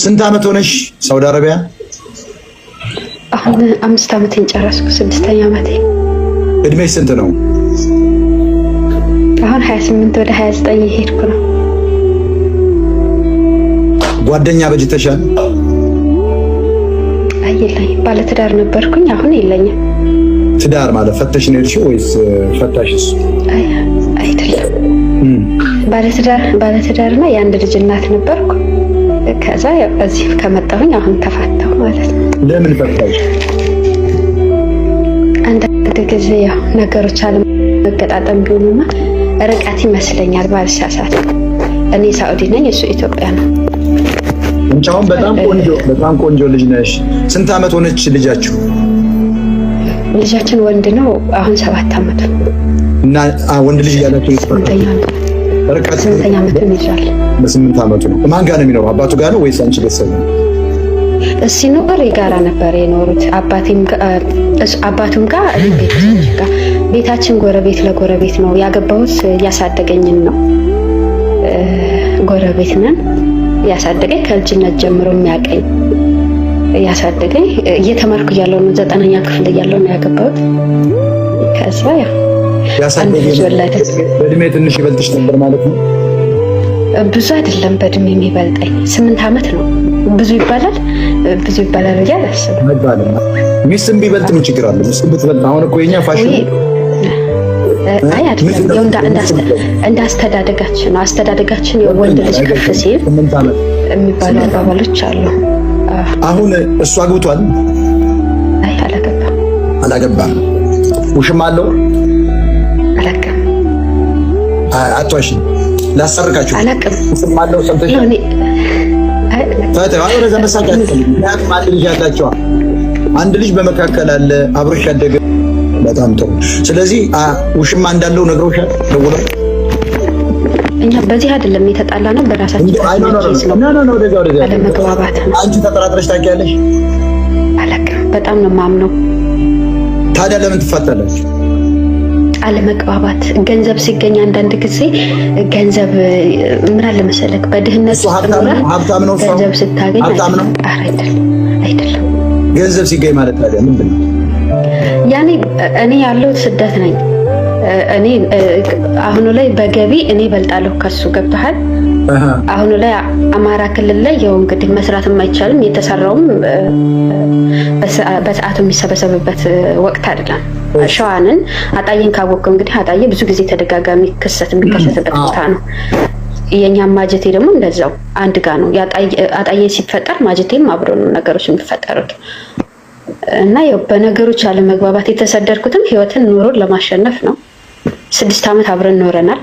ስንት ዓመት ሆነሽ ሳውዲ አረቢያ? አሁን አምስት ዓመቴን ጨረስኩ፣ ስድስተኛ ዓመቴ። እድሜሽ ስንት ነው? አሁን 28 ወደ 29 የሄድኩ ነው። ጓደኛ በጅተሻል? አይ ባለ ባለትዳር ነበርኩኝ፣ አሁን የለኝም። ትዳር ማለት ፈተሽ ነው የሄድሽው ወይስ ፈታሽስ? አይ አይደለም፣ ባለትዳር ባለትዳርና የአንድ ልጅ እናት ነበርኩ። ከዛ እዚህ ከመጣሁኝ አሁን ተፋተው ማለት ነው። ለምን በቃሽ? አንዳንድ ጊዜ ያው ነገሮች አለመገጣጠም ቢሆኑና ርቀት ይመስለኛል ባልሳሳት፣ እኔ ሳኡዲ ነኝ፣ እሱ ኢትዮጵያ ነው። እንቻሁን በጣም ቆንጆ በጣም ቆንጆ ልጅ ነሽ። ስንት አመት ሆነች ልጃችሁ? ልጃችን ወንድ ነው። አሁን ሰባት አመቱ እና ወንድ ልጅ ያላችሁ ስምንተኛ ዓመቱ ይሄዳል። በስምንት ዓመቱ ነው። ማን ጋር ነው የሚኖረው? አባቱ ጋር ነው ወይስ አንቺ ቤተሰብ ነው? ሲኖር የጋራ ነበር የኖሩት። አባቱም ጋር ጋር ቤታችን ጎረቤት ለጎረቤት ነው። ያገባሁት ያሳደገኝን ነው። ጎረቤት ነን። ያሳደገኝ ከልጅነት ጀምሮ የሚያቀኝ ያሳደገኝ እየተማርኩ እያለሁ ነው። ዘጠነኛ ክፍል እያለሁ ነው ያገባሁት። ከዛ ያው በእድሜ ትንሽ ይበልጥሽ ነበር ማለት ነው? ብዙ አይደለም በእድሜ የሚበልጠኝ ስምንት ዓመት ነው። ብዙ ይባላል ብዙ ይባላል ብዬ አላስብም። ሚስትም ቢበልጥ ምን ችግር አለ? ሚስትም ብትበልጥ አሁን እኮ የኛ ፋሽን አይ ነው። አስተዳደጋችን የወንድ ልጅ ከፍ ሲል የሚባሉ አባባሎች አሉ። አሁን እሱ አግብቷል? አይ አላገባም። አላገባም። ውሽም አለው አትዋሽ። ላሰርቃችሁ ስማለው ሰምተሽ አንድ ልጅ አንድ ልጅ በመካከል አለ አብሮሽ ያደገ በጣም ጥሩ። ስለዚህ ውሽማ እንዳለው ነግሮሻል ደውለው እኛ በዚህ አይደለም የተጣላ ነው፣ በራሳችን ተጠራጥረሽ ታውቂያለሽ? በጣም ነው የማምነው። ታዲያ ለምን ትፋታላችሁ? አለመግባባት። ገንዘብ ሲገኝ አንዳንድ ጊዜ ገንዘብ ምን አለ መሰለክ፣ በድህነት ገንዘብ ስታገኝ አይደለም አይደለም፣ ገንዘብ ሲገኝ ማለት ምንድን ነው? ያኔ እኔ ያለሁት ስደት ነኝ። እኔ አሁኑ ላይ በገቢ እኔ እበልጣለሁ ከሱ ገብተሃል። አሁኑ ላይ አማራ ክልል ላይ ያው እንግዲህ መስራትም አይቻልም። የተሰራውም በሰዓቱ የሚሰበሰብበት ወቅት አይደለም። ሸዋንን አጣዬን ካወቀው እንግዲህ አጣዬ ብዙ ጊዜ ተደጋጋሚ ክሰት የሚከሰትበት ቦታ ነው። የኛ ማጀቴ ደግሞ እንደዛው አንድ ጋ ነው። አጣዬ ሲፈጠር ማጀቴም አብሮ ነው ነገሮች የሚፈጠሩት እና ያው በነገሮች አለመግባባት የተሰደርኩትም ህይወትን ኑሮን ለማሸነፍ ነው። ስድስት ዓመት አብረን ኖረናል።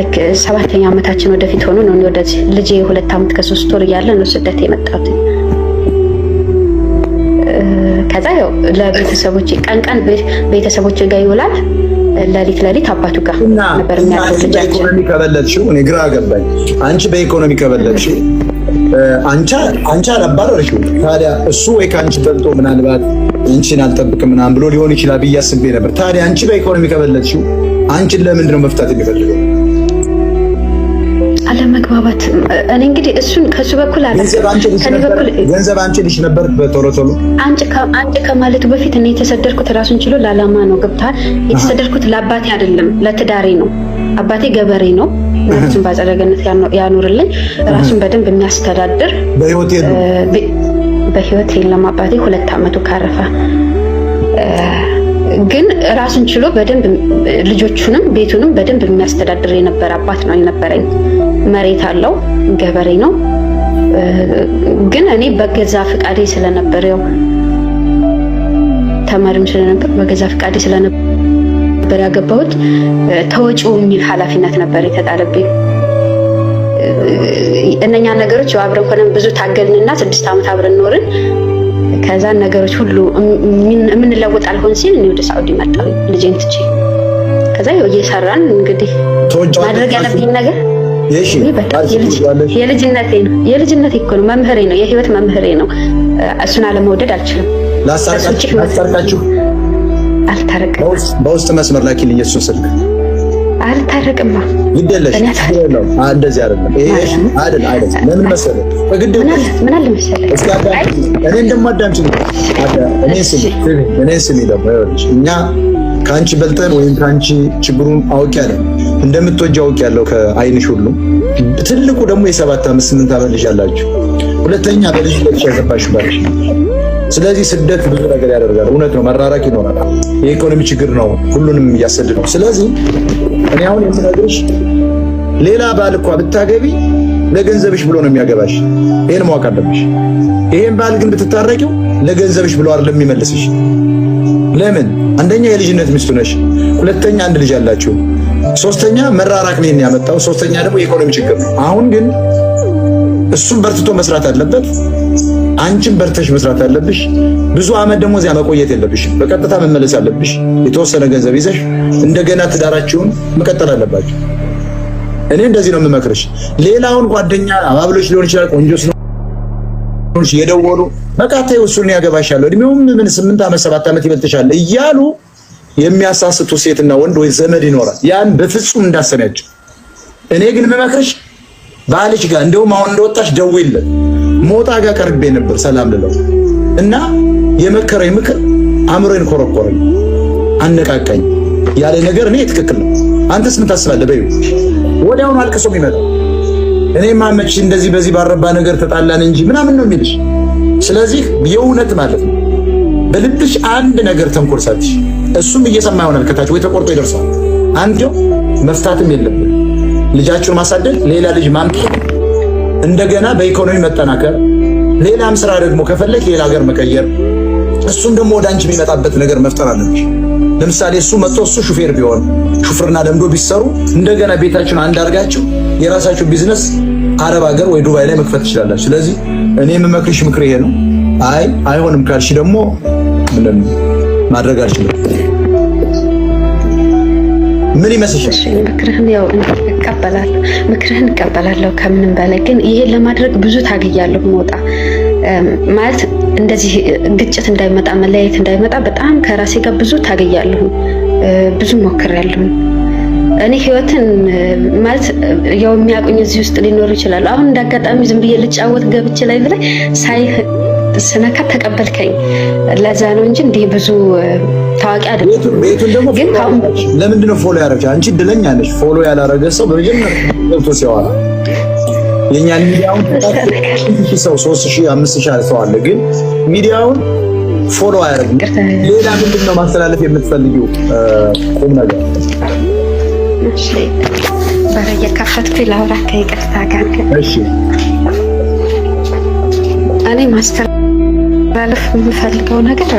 ልክ ሰባተኛ ዓመታችን ወደፊት ሆኖ ነው ወደዚህ ልጄ የሁለት ዓመት ከሶስት ወር እያለ ነው ስደት የመጣሁት። ከዛ ያው ለቤተሰቦች ቀን ቀን ቤተሰቦች ጋር ይውላል፣ ለሊት ለሊት አባቱ ጋር ነበር የሚያደርግ። ልጃችን ከበለጥሽው እኔ ግራ ገባኝ። አንቺ በኢኮኖሚ ከበለጥሽው አንቻ አንቺ አላባረርሽው። ታዲያ እሱ ወይ ከአንቺ በልጦ ምናልባት አንቺን አልጠብቅም ምናምን ብሎ ሊሆን ይችላል ብዬ አስቤ ነበር። ታዲያ አንቺ በኢኮኖሚ ከበለጥሽው አንቺን ለምንድን ነው መፍታት የሚፈልገው? አለመግባባት እኔ እንግዲህ እሱን ከሱ በኩል ገንዘብ አንቺ ልጅ ነበር ቶሎ ቶሎ አንቺ ከማለቱ በፊት እኔ የተሰደርኩት ራሱን ችሎ ለአላማ ነው። ገብተሃል? የተሰደድኩት ለአባቴ አይደለም ለትዳሬ ነው። አባቴ ገበሬ ነው። ነፍሱን በአጸደ ገነት ያኖርልኝ ራሱን በደንብ የሚያስተዳድር በህይወት የለም አባቴ ሁለት አመቱ ካረፈ ግን ራሱን ችሎ በደንብ ልጆቹንም ቤቱንም በደንብ የሚያስተዳድር የነበረ አባት ነው የነበረኝ። መሬት አለው፣ ገበሬ ነው። ግን እኔ በገዛ ፍቃዴ ስለነበር ያው ተማሪም ስለነበር በገዛ ፍቃዴ ስለነበር ያገባሁት ተወጪው የሚል ኃላፊነት ነበር የተጣለብኝ። እነኛ ነገሮች አብረን ሆነን ብዙ ታገልንና ስድስት ዓመት አብረን ኖርን። ከዛን ነገሮች ሁሉ የምንለውጥ አልሆን ሲል እኔ ወደ ሳዑዲ መጣሁ ልጄን ትቼ። ከዛ እየሰራን እንግዲህ ማድረግ ያለብኝ ነገር የልጅነቴ ነው። የልጅነቴ እኮ ነው፣ መምህሬ ነው፣ የህይወት መምህሬ ነው። እሱን አለመውደድ አልችልም። ላስታርቃችሁ፣ አልታረቅም። በውስጥ መስመር ላኪልኝ የእሱን ስልክ አልታረቅማ ግዴለሽ። እንደዚህ አይደለም፣ ይሄ አይደል አይደል። ለምን በግድ ምን አለ እኔ ስሚ እኔ ስሚ ደግሞ ይኸውልሽ፣ እኛ ከአንቺ በልጠን ወይም ከአንቺ ችግሩን አውቅ ያለን እንደምትወጂ አውቅ ያለው ከአይንሽ ሁሉ ትልቁ ደግሞ የሰባት አምስት ስምንት ዓመት ልጅ አላችሁ። ሁለተኛ በልጅ ልጅ ያገባሽ ባልሽ ስለዚህ ስደት ብዙ ነገር ያደርጋል። እውነት ነው፣ መራራቅ ይኖራል። የኢኮኖሚ ችግር ነው፣ ሁሉንም እያሰድ ነው። ስለዚህ እኔ አሁን የምነግርሽ ሌላ ባል እኳ ብታገቢ ለገንዘብሽ ብሎ ነው የሚያገባሽ። ይሄን ማወቅ አለብሽ። ይሄን ባል ግን ብትታረቂው ለገንዘብሽ ብሎ አይደለም የሚመልስሽ። ለምን? አንደኛ የልጅነት ሚስቱ ነሽ፣ ሁለተኛ አንድ ልጅ አላችሁ፣ ሶስተኛ መራራቅ ነው ያመጣው፣ ሶስተኛ ደግሞ የኢኮኖሚ ችግር ነው። አሁን ግን እሱም በርትቶ መስራት አለበት። አንቺም በርተሽ መስራት አለብሽ። ብዙ አመት ደግሞ እዚያ መቆየት የለብሽ። በቀጥታ መመለስ አለብሽ። የተወሰነ ገንዘብ ይዘሽ እንደገና ትዳራችሁን መቀጠል አለባችሁ። እኔ እንደዚህ ነው የምመክርሽ። ሌላውን ጓደኛ አባብሎች ሊሆን ይችላል ቆንጆ ስለሆንሽ የደወሉ በቃ ተይው እሱን እድሜውም ምን ስምንት ዓመት ሰባት ዓመት ይበልጥሻል እያሉ የሚያሳስቱ ሴትና ወንድ ወይ ዘመድ ይኖራል። ያን በፍጹም እንዳሰሚያቸው። እኔ ግን የምመክርሽ ባልሽ ጋር እንደውም አሁን እንደወጣሽ ደውይለት። ሞጣ ጋር ቀርቤ ነበር ሰላም ልለው እና የመከረኝ ምክር አእምሮዬን ኮረኮረኝ፣ አነቃቃኝ። ያለ ነገር እኔ ትክክል ነው፣ አንተስ ምን ታስባለህ በይው። ወዲያውኑ አልቅሶ የሚመጣው እኔ መቼ እንደዚህ በዚህ ባረባ ነገር ተጣላን እንጂ ምናምን ነው የሚልሽ። ስለዚህ የእውነት ማለት ነው በልብሽ አንድ ነገር ተንኮል እሱም እየሰማ ይሆናል ከታች ወይ ተቆርጦ ይደርሳል። አንዴው መፍታትም የለብን ልጃችሁን ማሳደግ ሌላ ልጅ ማምጣት እንደገና በኢኮኖሚ መጠናከር፣ ሌላም ስራ ደግሞ ከፈለግ ሌላ ሀገር መቀየር፣ እሱም ደግሞ ወደ አንቺ የሚመጣበት ነገር መፍጠር አለብሽ። ለምሳሌ እሱ መጥቶ እሱ ሹፌር ቢሆን ሹፍርና ለምዶ ቢሰሩ እንደገና ቤታችሁን አንድ አድርጋችሁ የራሳችሁ ቢዝነስ አረብ ሀገር ወይ ዱባይ ላይ መክፈት ትችላላችሁ። ስለዚህ እኔ የምመክርሽ ምክር ይሄ ነው። አይ አይሆንም ካልሽ ደግሞ ምንም ማድረግ አልችልም ምን ይመስልሻል? ምክርህን ያው እቀበላለሁ፣ ምክርህን እቀበላለሁ። ከምንም በላይ ግን ይሄን ለማድረግ ብዙ ታግያለሁ። መውጣ ማለት እንደዚህ ግጭት እንዳይመጣ መለያየት እንዳይመጣ በጣም ከራሴ ጋር ብዙ ታግያለሁ፣ ብዙ ሞክሬያለሁ። እኔ ህይወትን ማለት ያው የሚያቆኝ እዚህ ውስጥ ሊኖሩ ይችላሉ። አሁን እንዳጋጣሚ ዝም ብዬ ልጫወት ገብቼ ላይ ብላይ ስነካ ተቀበልከኝ። ለዛ ነው እንጂ እንዲህ ብዙ ታዋቂ አይደለም። ቤቱን ደግሞ ለምንድን ነው ፎሎ ያደረግሽ? አንቺ እድለኛ ነሽ። ፎሎ ያላረገ ሰው በመጀመሪያ ገብቶ ሲያወራ የእኛን ሚዲያውን ሰው ሶስት ሺህ አምስት ሺህ ሰው አለ፣ ግን ሚዲያውን ፎሎ አያደርግም። ሌላ ምንድን ነው ማስተላለፍ የምትፈልጊው ቁም ነገር? በር እየከፈትኩ ላውራ ከይቅርታ ጋር እኔ ማስተላለፍ ማስተላለፍ የምፈልገው ነገር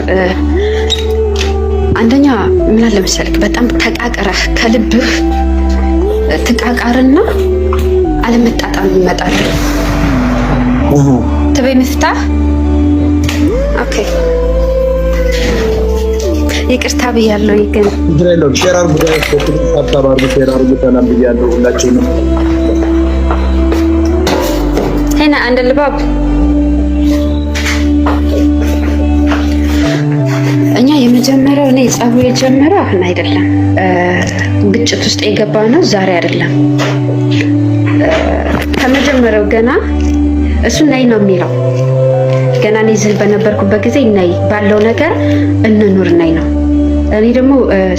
አንደኛ ምን አለ መሰለክ፣ በጣም ተቃቀረህ ከልብህ ትቃቃርና አለመጣጣም ይመጣል። ትበይ ምፍታ ኦኬ። ይቅርታ ብያለሁ። ግን ድሬሎ ሼር ጉዳይ ሀሳብ አርጉ፣ ሼር ጉዳና ሰላም ብያለሁ ሁላችሁንም። ሄና አንድ ልባብ የመጀመሪያው እኔ ጸቡ የጀመረው አሁን አይደለም። ግጭት ውስጥ የገባ ነው ዛሬ አይደለም። ከመጀመሪያው ገና እሱ ነይ ነው የሚለው ገና እኔ እዚህ በነበርኩበት ጊዜ ነይ ባለው ነገር እንኑር ነይ ነው። እኔ ደግሞ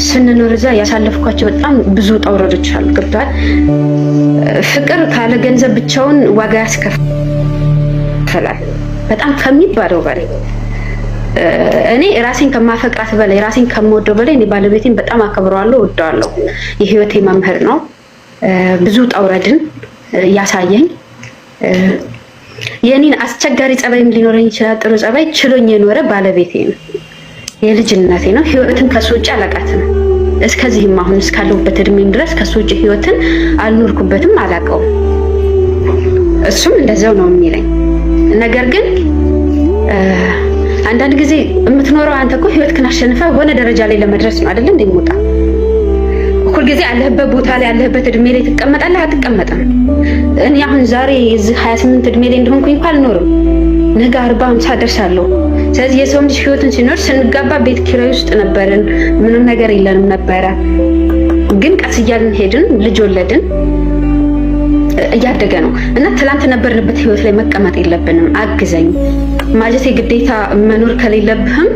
ስንኖር እዛ ያሳለፍኳቸው በጣም ብዙ ውጣ ውረዶች አሉ። ገብቷል። ፍቅር ካለ ገንዘብ ብቻውን ዋጋ ያስከፍላል፣ በጣም ከሚባለው በላይ እኔ ራሴን ከማፈቅራት በላይ ራሴን ከምወደው በላይ እኔ ባለቤቴን በጣም አከብረዋለሁ፣ ወደዋለሁ። የህይወቴ መምህር ነው። ብዙ ጠውረድን ያሳየኝ የኔን አስቸጋሪ ጸባይም ሊኖረኝ ይችላል፣ ጥሩ ጸባይ ችሎኝ የኖረ ባለቤቴ ነው። የልጅነቴ ነው። ህይወትን ከሱ ውጭ አላውቃትም። እስከዚህም አሁን እስካለሁበት እድሜም ድረስ ከሱ ውጭ ህይወትን አልኖርኩበትም፣ አላውቀውም። እሱም እንደዚያው ነው የሚለኝ ነገር ግን አንዳንድ ጊዜ የምትኖረው አንተ እኮ ህይወትክን አሸንፈ ሆነ ደረጃ ላይ ለመድረስ ነው አይደል? እንደሚወጣ ሁል ጊዜ ያለህበት ቦታ ላይ ያለህበት እድሜ ላይ ትቀመጣለህ አትቀመጥም። እኔ አሁን ዛሬ እዚህ 28 እድሜ ላይ እንደሆንኩኝ እንኳ አልኖርም፣ ነገ 40 50 ደርሳለሁ። ስለዚህ የሰው ልጅ ህይወትን ሲኖር ስንጋባ ቤት ኪራይ ውስጥ ነበርን፣ ምንም ነገር የለንም ነበረ። ግን ቀስ እያልን ሄድን፣ ልጅ ወለድን እያደገ ነው እና ትላንት ነበርንበት ህይወት ላይ መቀመጥ የለብንም። አግዘኝ ማጀቴ ግዴታ መኖር ከሌለብህም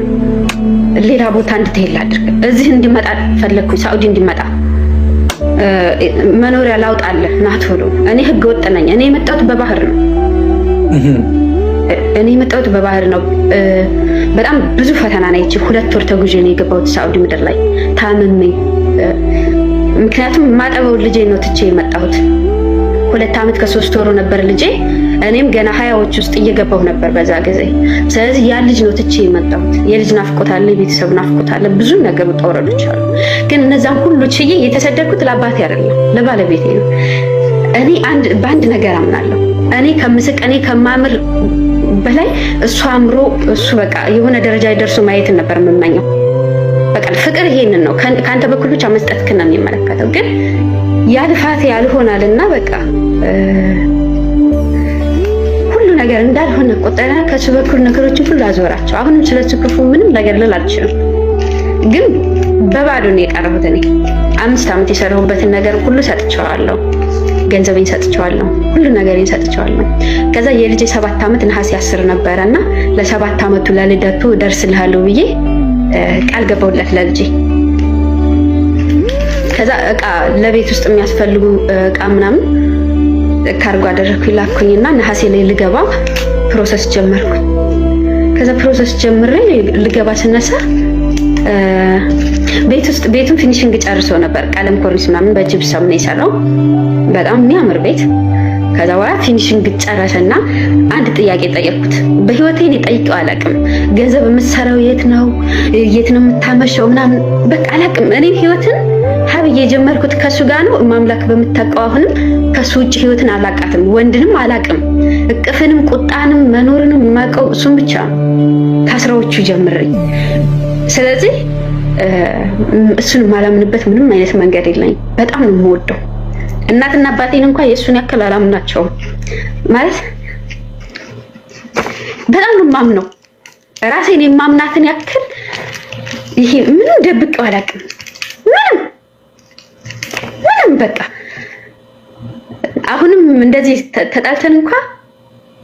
ሌላ ቦታ እንድትሄድ አድርግ። እዚህ እንዲመጣ ፈለግኩኝ፣ ሳኡዲ እንዲመጣ መኖሪያ ላውጣለህ ናት ብሎ እኔ ህገ ወጥ ነኝ። እኔ የመጣሁት በባህር ነው። እኔ የመጣሁት በባህር ነው። በጣም ብዙ ፈተና ነው። ይቺ ሁለት ወር ተጉዤ ነው የገባሁት ሳኡዲ ምድር ላይ ታምሜ። ምክንያቱም ማጠበው ልጄ ነው ትቼ የመጣሁት። ሁለት ዓመት ከሶስት ወሩ ነበር ልጄ እኔም ገና ሀያዎች ውስጥ እየገባሁ ነበር በዛ ጊዜ። ስለዚህ ያ ልጅ ነው ትቼ የመጣሁት። የልጅ ናፍቆት አለ፣ የቤተሰብ ናፍቆት አለ፣ ብዙ ነገር ውጣ ውረዶች አሉ። ግን እነዛን ሁሉ ችዬ የተሰደድኩት ለአባቴ አይደለም ለባለቤቴ ነው። እኔ አንድ በአንድ ነገር አምናለሁ። እኔ ከምስቅ እኔ ከማምር በላይ እሱ አምሮ እሱ በቃ የሆነ ደረጃ ደርሶ ማየት ነበር የምመኘው። በቃ ፍቅር ይሄንን ነው ከአንተ በኩል ብቻ መስጠት ክና የሚመለከተው ግን ያ ልፋት ያልሆናልና በቃ ነገር እንዳልሆነ ቆጠረ። ከሱ በኩል ነገሮችን ሁሉ አዞራቸው። አሁንም ስለሱ ክፉ ምንም ነገር ልል አልችልም፣ ግን በባዶ ነው የቀረሁት እኔ አምስት ዓመት የሰራሁበትን ነገር ሁሉ ሰጥቼዋለሁ። ገንዘቤን ሰጥቼዋለሁ፣ ሁሉ ነገሬን ሰጥቼዋለሁ። ከዛ የልጅ ሰባት ዓመት ነሐሴ አስር ነበረ እና ለሰባት ዓመቱ ለልደቱ ደርስልሃለሁ ብዬ ቃል ገባሁለት ለልጄ። ከዛ እቃ ለቤት ውስጥ የሚያስፈልጉ እቃ ምናምን ካርጎ አደረኩኝ ላኩኝ እና ነሐሴ ላይ ልገባ ፕሮሰስ ጀመርኩ ከዛ ፕሮሰስ ጀምሬ ልገባ ስነሳ ቤት ውስጥ ቤቱን ፊኒሽንግ ጨርሰው ነበር። ቀለም ኮርኒስ ምናምን በጅብሰም ነው የሰራው። በጣም የሚያምር ቤት ከዛ በኋላ ፊኒሽንግ ጨረሰና አንድ ጥያቄ ጠየቅኩት። በህይወቴ እኔ ጠይቄው አላውቅም። ገንዘብ የምትሰራው የት ነው የት ነው የምታመሸው ምናምን በቃ አላውቅም እኔ ህይወትን ብዬ የጀመርኩት ከሱ ጋር ነው። ማምላክ በምታውቀው አሁንም ከሱ ውጭ ህይወትን አላቃትም፣ ወንድንም አላቅም፣ እቅፍንም፣ ቁጣንም፣ መኖርንም የማውቀው እሱን ብቻ ነው ከስራዎቹ ጀምረኝ። ስለዚህ እሱን የማላምንበት ምንም አይነት መንገድ የለኝ። በጣም ነው የምወደው። እናትና አባቴን እንኳን የእሱን ያክል አላምናቸውም ማለት በጣም ነው የማምነው። ራሴን የማምናትን ያክል ይሄ ምንም ደብቄው አላውቅም ምንም ምንም በቃ አሁንም እንደዚህ ተጣልተን እንኳ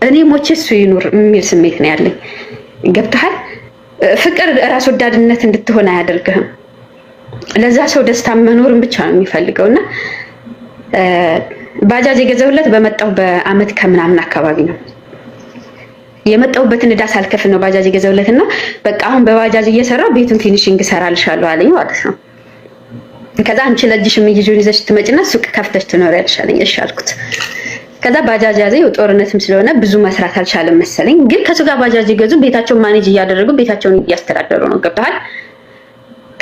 እኔ ሞቼ እሱ ይኑር የሚል ስሜት ነው ያለኝ። ገብተሃል? ፍቅር ራስ ወዳድነት እንድትሆን አያደርግህም። ለዛ ሰው ደስታ መኖርን ብቻ ነው የሚፈልገው እና ባጃጅ የገዘውለት በመጣው በአመት ከምናምን አካባቢ ነው የመጣሁበትን ዕዳ ሳልከፍል ነው ባጃጅ የገዛሁለት እና በቃ አሁን በባጃጅ እየሰራ ቤቱን ፊኒሽንግ ሰራልሻለሁ አለኝ ማለት ነው። ከዛ አንቺ ለእጅሽ የሚይዙን ይዘሽ ትመጭና ሱቅ ከፍተሽ ትኖሪያለሽ አለኝ። እሺ አልኩት። ከዛ ባጃጅ ያዘ ጦርነትም ስለሆነ ብዙ መስራት አልቻለም መሰለኝ። ግን ከሱ ጋር ባጃጅ ይገዙ ቤታቸውን ማኔጅ እያደረጉ ቤታቸውን እያስተዳደሩ ነው። ገብተሃል?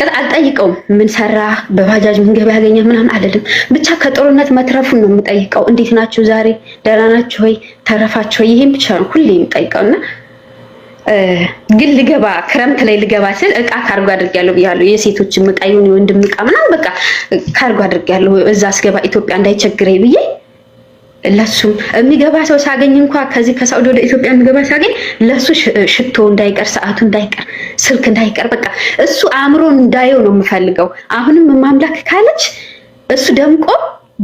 ከዛ አልጠይቀውም። ምን ሰራ በባጃጅ ምን ገበያ ያገኘ ምናምን አልልም። ብቻ ከጦርነት መትረፉን ነው የምጠይቀው። እንዴት ናችሁ? ዛሬ ደህና ናችሁ ወይ? ተረፋችሁ ወይ? ይሄን ብቻ ነው ሁሌ የምጠይቀውና ግን ልገባ ክረምት ላይ ልገባ ስል እቃ ካርጎ አድርጌያለሁ ብያለሁ። የሴቶችም እቃ ይሁን የወንድም እቃ ምናምን በቃ ካርጎ አድርጌያለሁ። እዛ አስገባ ኢትዮጵያ እንዳይቸግረኝ ብዬ ለሱም የሚገባ ሰው ሳገኝ እንኳ ከዚህ ከሳውዲ ወደ ኢትዮጵያ የሚገባ ሳገኝ ለሱ ሽቶ እንዳይቀር፣ ሰዓቱ እንዳይቀር፣ ስልክ እንዳይቀር በቃ እሱ አእምሮ እንዳየው ነው የምፈልገው። አሁንም ማምላክ ካለች እሱ ደምቆ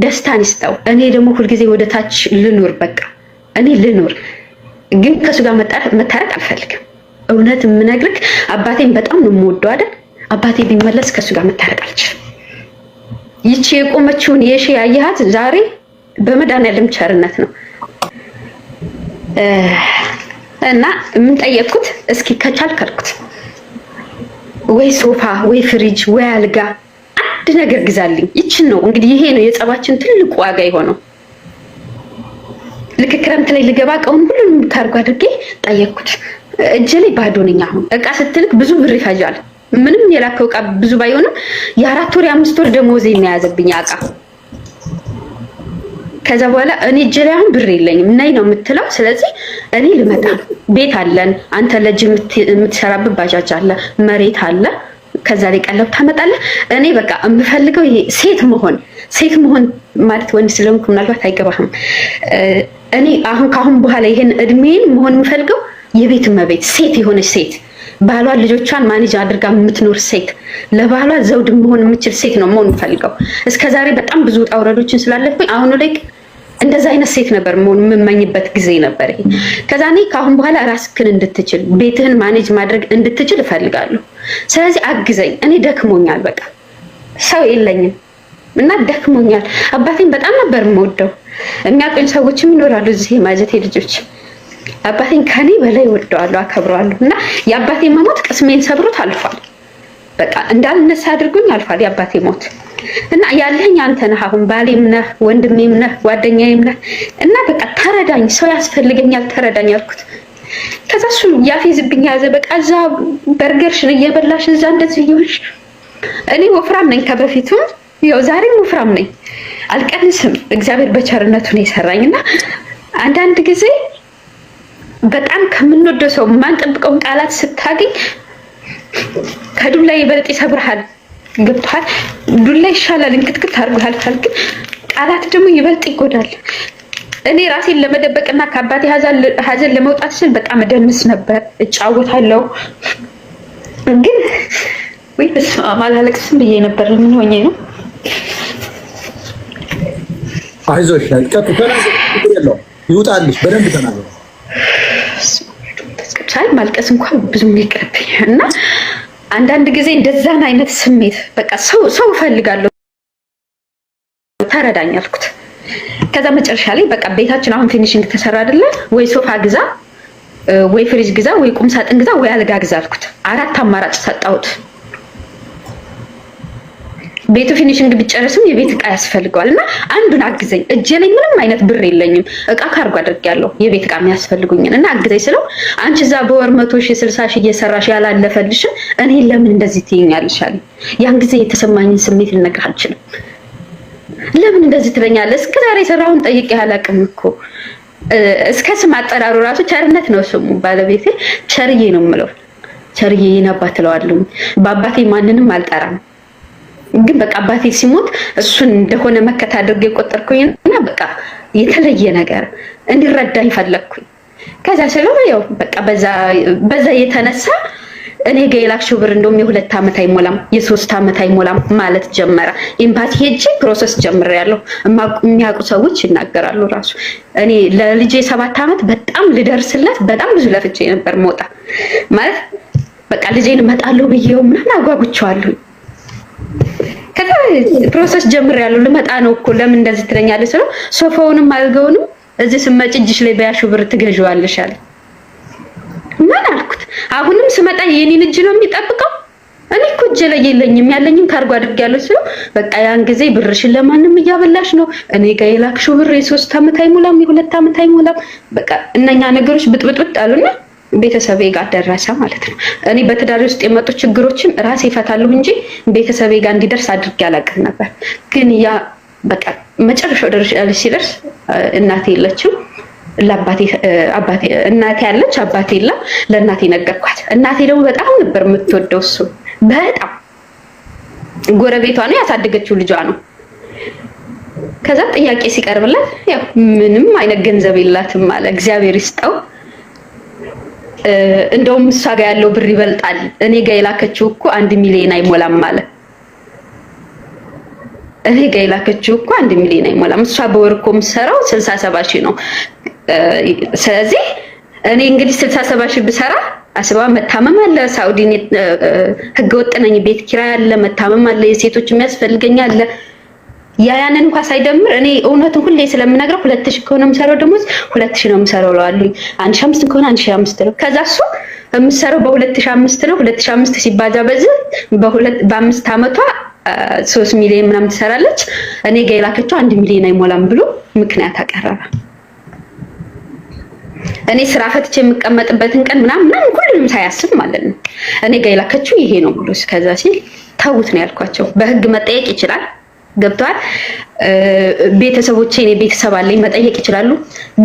ደስታን ይስጠው። እኔ ደግሞ ሁልጊዜ ወደ ታች ልኑር፣ በቃ እኔ ልኑር። ግን ከእሱ ጋር መታረቅ አልፈልግም። እውነት የምነግርህ አባቴን በጣም ነው የምወደው አይደል? አባቴ ቢመለስ ከእሱ ጋር መታረቅ አልችልም። ይቺ የቆመችውን የሺ ያየሃት ዛሬ በመድኃኒዓለም ቸርነት ነው እና የምንጠየቅኩት እስኪ ከቻል አልኩት ወይ ሶፋ ወይ ፍሪጅ ወይ አልጋ አንድ ነገር ግዛልኝ። ይችን ነው እንግዲህ ይሄ ነው የጸባችን ትልቁ ዋጋ የሆነው። ልክ ክረምት ላይ ልገባ እቃውን ሁሉንም ካርጎ አድርጌ ጠየቅኩት። እጄ ላይ ባዶ ነኝ። አሁን እቃ ስትልክ ብዙ ብር ይፈጃል። ምንም የላከው እቃ ብዙ ባይሆንም የአራት ወር የአምስት ወር ደሞዝ የሚያያዘብኝ እቃ። ከዛ በኋላ እኔ እጄ ላይ አሁን ብር የለኝም፣ ነይ ነው የምትለው። ስለዚህ እኔ ልመጣ ቤት አለን፣ አንተ ለእጅ የምትሰራብ ባጃጅ አለ፣ መሬት አለ ከዛ ላይ ቀለብ እኔ በቃ የምፈልገው ይሄ ሴት መሆን ሴት መሆን ማለት ወንድ ስለሆንኩ ምናልባት አይገባህም። እኔ አሁን ከአሁን በኋላ ይሄን እድሜን መሆን የምፈልገው የቤት እመቤት ሴት የሆነች ሴት ባሏ ልጆቿን ማኔጅ አድርጋ የምትኖር ሴት፣ ለባሏ ዘውድ መሆን የምችል ሴት ነው መሆን የምፈልገው። እስከዛሬ በጣም ብዙ ውጣ ውረዶችን ስላለፍኩኝ አሁኑ ላይ እንደዛ አይነት ሴት ነበር የምመኝበት ጊዜ ነበር። ከዛ እኔ ከአሁን በኋላ ራስክን እንድትችል ቤትህን ማኔጅ ማድረግ እንድትችል እፈልጋለሁ። ስለዚህ አግዘኝ፣ እኔ ደክሞኛል፣ በቃ ሰው የለኝም እና ደክሞኛል። አባቴን በጣም ነበር የምወደው። የሚያውቁኝ ሰዎችም ይኖራሉ እዚህ የማጀቴ ልጆች አባቴን ከኔ በላይ ወደዋለሁ፣ አከብረዋለሁ እና የአባቴን መሞት ቅስሜን ሰብሮት አልፏል። በቃ እንዳልነሳ አድርጎኝ አልፏል የአባቴ ሞት እና ያለኝ አንተ ነህ። አሁን ባሌም ነህ፣ ወንድሜም ነህ፣ ጓደኛዬም ነህ እና በቃ ተረዳኝ፣ ሰው ያስፈልገኛል፣ ተረዳኝ አልኩት። ከዛ እሱ ያፌዝብኝ ያዘ። በቃ እዛ በርገርሽን እየበላሽ እዛ እንደዚህ እየሆንሽ እኔ ወፍራም ነኝ ከበፊቱም ያው ዛሬም ወፍራም ነኝ አልቀንስም። እግዚአብሔር በቸርነቱ ነው የሰራኝ እና አንዳንድ ጊዜ በጣም ከምንወደው ሰው የማንጠብቀውን ቃላት ስታገኝ ከዱላ ይበልጥ ይሰብርሃል። ገብቶሃል? ዱላ ይሻላል፣ እንክትክት አድርጎሃል። ግን ቃላት ደግሞ ይበልጥ ይጎዳል። እኔ ራሴን ለመደበቅና ከአባቴ ሐዘን ለመውጣት ስል በጣም እደንስ ነበር፣ እጫወታለሁ። ግን ወይ በስመ አብ አላለቅስም ብዬ ነበር። ምን ሆኜ ነው? አይዞሽ፣ ይውጣልሽ። በደንብ ተናገሩ ይቻል ማልቀስ እንኳን ብዙም ይቅርብኝ እና አንዳንድ ጊዜ እንደዛን አይነት ስሜት በቃ ሰው ሰው እፈልጋለሁ ተረዳኝ አልኩት። ከዛ መጨረሻ ላይ በቃ ቤታችን አሁን ፊኒሽንግ ተሰራ አይደለ ወይ ሶፋ ግዛ ወይ ፍሪጅ ግዛ ወይ ቁምሳጥን ግዛ ወይ አልጋ ግዛ አልኩት። አራት አማራጭ ሰጣሁት። ቤቱ ፊኒሽንግ ቢጨርስም የቤት እቃ ያስፈልገዋል እና አንዱን አግዘኝ፣ እጄ ላይ ምንም አይነት ብር የለኝም፣ እቃ ካርጎ አድርጌያለሁ፣ የቤት እቃ የሚያስፈልጉኝን እና አግዘኝ ስለው አንቺ እዛ በወር መቶ ሺህ ስልሳ ሺህ እየሰራሽ ያላለፈልሽም እኔ ለምን እንደዚህ ትይኛለሽ አለኝ። ያን ጊዜ የተሰማኝን ስሜት ልነግርህ አልችልም። ለምን እንደዚህ ትለኛለህ? እስከ ዛሬ ስራውን ጠይቄ አላውቅም እኮ እስከ ስም አጠራሩ ራሱ ቸርነት ነው ስሙ። ባለቤቴ ቸርዬ ነው የምለው። ቸርዬ የኔ አባት እለዋለሁ። በአባቴ ማንንም አልጠራም። ግን በቃ አባቴ ሲሞት እሱን እንደሆነ መከታ አድርጌ እና በቃ የተለየ ነገር እንዲረዳኝ ፈለግኩኝ። ከዛ ስለው ያው በቃ በዛ የተነሳ እኔ ጋ የላክሽው ብር እንደውም የሁለት ዓመት አይሞላም የሶስት ዓመት አይሞላም ማለት ጀመረ። ኤምባሲ ሄጄ ፕሮሰስ ጀምሬያለሁ። የሚያውቁ ሰዎች ይናገራሉ። ራሱ እኔ ለልጄ የሰባት ዓመት በጣም ልደርስለት በጣም ብዙ ለፍቼ ነበር መውጣ ማለት በቃ ልጄን እመጣለሁ ብዬው ምናምን አጓጉቸዋለሁ ከዛ ፕሮሰስ ጀምር ያለው ልመጣ ነው እኮ ለምን እንደዚህ ትለኛለች ስለው ሶፋውንም አልገውንም እዚህ ስመጭ እጅሽ ላይ በያሹ ብር ትገዥዋለሽ አለ። ምን አልኩት? አሁንም ስመጣ የኔን እጅ ነው የሚጠብቀው? እኔ እኮ እጄ ላይ የለኝም ያለኝም ካርጎ አድርጌያለሁ ስለው በቃ ያን ጊዜ ብርሽን ለማንም እያበላሽ ነው እኔ ጋር የላክሽው ብር የሶስት አመት አይሞላም የሁለት አመት አይሞላም በቃ እነኛ ነገሮች ብጥብጥብጥ አሉና ቤተሰቤ ጋር ደረሰ ማለት ነው። እኔ በትዳሪ ውስጥ የመጡ ችግሮችን ራሴ ይፈታሉ እንጂ ቤተሰቤ ጋር እንዲደርስ አድርጌ አላውቅም ነበር። ግን ያ በቃ መጨረሻው ደረጃ ላይ ሲደርስ እናቴ የለችም እናቴ ያለች አባቴ የለም ለእናቴ ነገርኳት። እናቴ ደግሞ በጣም ነበር የምትወደው እሱ በጣም ጎረቤቷ ነው ያሳደገችው ልጇ ነው። ከዛ ጥያቄ ሲቀርብላት ያው ምንም አይነት ገንዘብ የላትም አለ እግዚአብሔር ይስጠው እንደውም እሷ ጋ ያለው ብር ይበልጣል፣ እኔ ጋ የላከችው እኮ አንድ ሚሊዮን አይሞላም አለ። እኔ ጋ የላከችው እኮ አንድ ሚሊዮን አይሞላም፣ እሷ በወር እኮ የምትሰራው ስልሳ ሰባ ሺህ ነው። ስለዚህ እኔ እንግዲህ ስልሳ ሰባ ሺህ ብሰራ አስባ መታመም አለ፣ ሳውዲ ህገ ወጥ ነኝ፣ ቤት ኪራይ አለ፣ መታመም አለ፣ የሴቶች የሚያስፈልገኝ አለ ያ ያንን እንኳን ሳይደምር እኔ እውነቱን ሁሌ ስለምነግረው ሁለት ከሆነ የምሰራው ደሞዝ 2000 ነው የምሰራው እለዋለሁኝ። 1500 ከሆነ 1500 ነው። ከዛ እሱ የምሰራው በ2005 ነው። 2005 ሲባዛ በዚህ በሁለት በአምስት ዓመቷ 3 ሚሊዮን ምናምን ትሰራለች። እኔ ጋ የላከችው አንድ ሚሊዮን አይሞላም ብሎ ምክንያት አቀረበ። እኔ ስራ ፈትቼ የምቀመጥበትን ቀን ምናምን ምናምን ሁሉንም ሳያስብ ማለት ነው። እኔ ጋ የላከችው ይሄ ነው ብሎ ከዛ ሲል ተውት ነው ያልኳቸው። በህግ መጠየቅ ይችላል ገብቷል። ቤተሰቦቼ እኔ ቤተሰብ አለኝ መጠየቅ ይችላሉ፣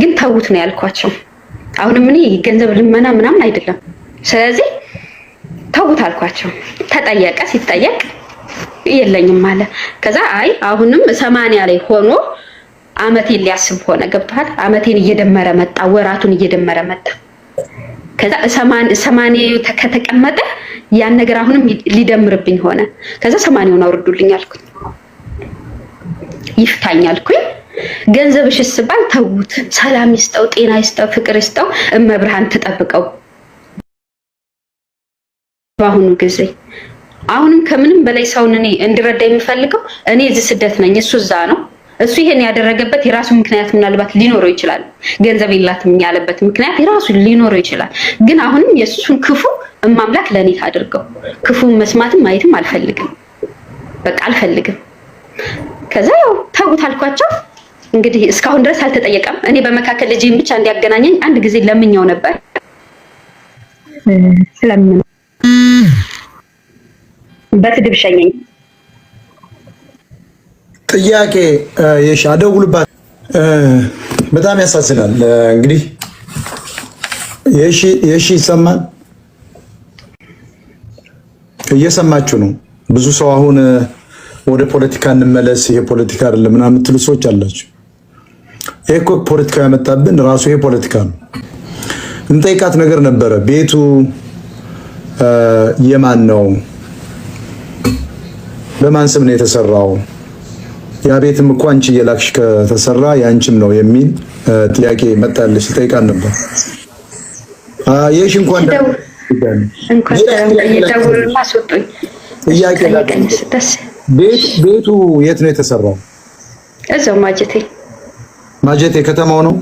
ግን ተውት ነው ያልኳቸው። አሁንም እኔ ገንዘብ ልመና ምናምን አይደለም። ስለዚህ ተውት አልኳቸው። ተጠየቀ። ሲጠየቅ የለኝም አለ። ከዛ አይ አሁንም ሰማንያ ላይ ሆኖ አመቴን ሊያስብ ሆነ። ገብቷል። አመቴን እየደመረ መጣ፣ ወራቱን እየደመረ መጣ። ከዛ ሰማንያ ከተቀመጠ ያን ነገር አሁንም ሊደምርብኝ ሆነ። ከዛ ሰማንያውን አውርዱልኝ አልኩኝ። ይፍታኛልኩኝ ገንዘብሽ ስባል ተውት። ሰላም ይስጠው፣ ጤና ይስጠው፣ ፍቅር ይስጠው፣ እመብርሃን ትጠብቀው። በአሁኑ ጊዜ አሁንም ከምንም በላይ ሰውን እኔ እንዲረዳ የሚፈልገው እኔ እዚህ ስደት ነኝ፣ እሱ እዛ ነው። እሱ ይሄን ያደረገበት የራሱ ምክንያት ምናልባት ሊኖረው ይችላል። ገንዘብ የላትም ያለበት ምክንያት የራሱ ሊኖረው ይችላል። ግን አሁንም የእሱን ክፉ እማምላክ ለእኔ ታድርገው። ክፉን መስማትም ማየትም አልፈልግም፣ በቃ አልፈልግም። ከዛ ያው ተውት አልኳቸው። እንግዲህ እስካሁን ድረስ አልተጠየቀም። እኔ በመካከል ልጅ ብቻ እንዲያገናኘኝ አንድ ጊዜ ለምኛው ነበር። ስለምን በስድብ ሸኘኝ። ጥያቄ የሺ አደውልባት በጣም ያሳዝናል። እንግዲህ የሺ ይሰማል፣ እየሰማችሁ ነው ብዙ ሰው አሁን ወደ ፖለቲካ እንመለስ፣ ይሄ ፖለቲካ አይደለም ምናምን የምትሉ ሰዎች አላችሁ። ይሄ እኮ ፖለቲካው ያመጣብን ራሱ ይሄ ፖለቲካ ነው። እንጠይቃት ነገር ነበረ። ቤቱ የማን ነው? በማን ስም ነው የተሰራው? ያ ቤትም እኮ አንቺ እየላክሽ ከተሰራ የአንቺም ነው የሚል ጥያቄ መጣለች። ጠይቃን ነበር። ይሽ እንኳን ጥያቄ ቤቱ የት ነው የተሰራው? እዛው ማጀቴ ማጀቴ ከተማው ነው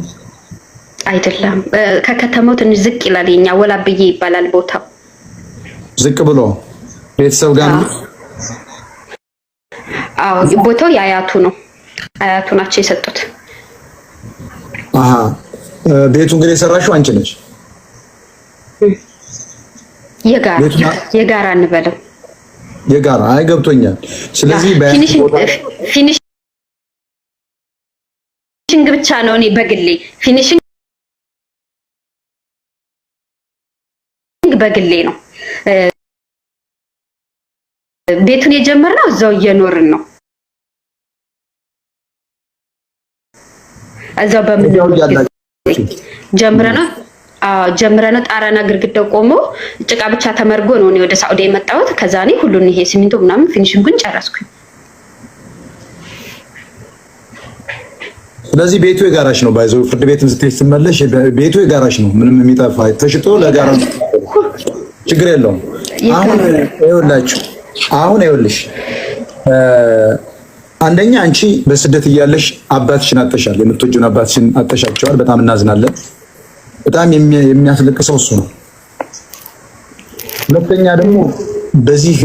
አይደለም። ከከተማው ትንሽ ዝቅ ይላል። የኛ ወላብዬ ይባላል ቦታው። ዝቅ ብሎ ቤተሰብ ጋር አዎ ቦታው የአያቱ ነው። አያቱ ናቸው የሰጡት። አሃ ቤቱ እንግዲህ የሰራሽው አንቺ ነሽ። የጋራ የጋራ እንበለው የጋራ አይገብቶኛል። ስለዚህ ፊኒሽንግ ብቻ ነው እኔ በግሌ ፊኒሽንግ በግሌ ነው። ቤቱን የጀመርነው እዛው እየኖርን ነው። እዛው በምን ጀምረናል ጀምረ ነው ጣራና ግርግዳው ቆሞ ጭቃ ብቻ ተመርጎ ነው እኔ ወደ ሳውዲ የመጣሁት። ከዛ እኔ ሁሉን ይሄ ሲሚንቶ ምናምን ፊኒሽንጉን ጨረስኩኝ። ስለዚህ ቤቱ የጋራሽ ነው። ባይዘው ፍርድ ቤትም ስትሄድ ስትመለሽ ቤቱ የጋራሽ ነው። ምንም የሚጠፋ ተሽጦ ለጋራ ችግር የለውም። አሁን ይኸውላችሁ አሁን ይኸውልሽ አንደኛ አንቺ በስደት እያለሽ አባትሽን አጠሻል፣ የምትወጂውን አባትሽን አጠሻቸዋል። በጣም እናዝናለን። በጣም የሚያስለቅሰው እሱ ነው። ሁለተኛ ደግሞ በዚህ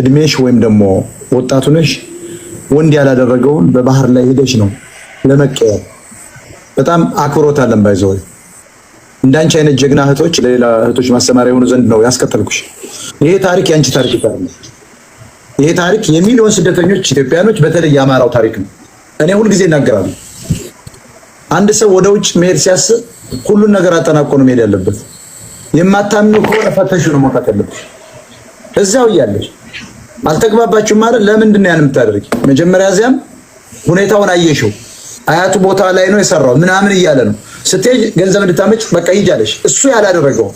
እድሜሽ ወይም ደግሞ ነሽ ወንድ ያላደረገውን በባህር ላይ ሄደሽ ነው ለመቀየር። በጣም አክብሮት አለን ባይዘው እንዳንቺ አይነት ጀግና እህቶች ለሌላ እህቶች ማስተማሪያ የሆኑ ዘንድ ነው ያስቀጠልኩሽ። ይሄ ታሪክ የአንቺ ታሪክ ይባላል። ይሄ ታሪክ የሚሊዮን ስደተኞች ኢትዮጵያኖች፣ በተለይ የአማራው ታሪክ ነው። እኔ ሁልጊዜ እናገራለሁ አንድ ሰው ወደ ውጭ መሄድ ሲያስብ ሁሉን ነገር አጠናቆ ነው መሄድ ያለበት። የማታምኑ ከሆነ ፈተሹ ነው መውጣት ያለበት። እዚያው እያለች አልተግባባችሁም ማለት ለምንድን ነው ያን የምታደርጊ? መጀመሪያ እዚያም ሁኔታውን አየሽው። አያቱ ቦታ ላይ ነው የሰራው ምናምን እያለ ነው ስትሄጂ ገንዘብ እንድታመጭ በቃ ሂጂ አለሽ። እሱ ያላደረገው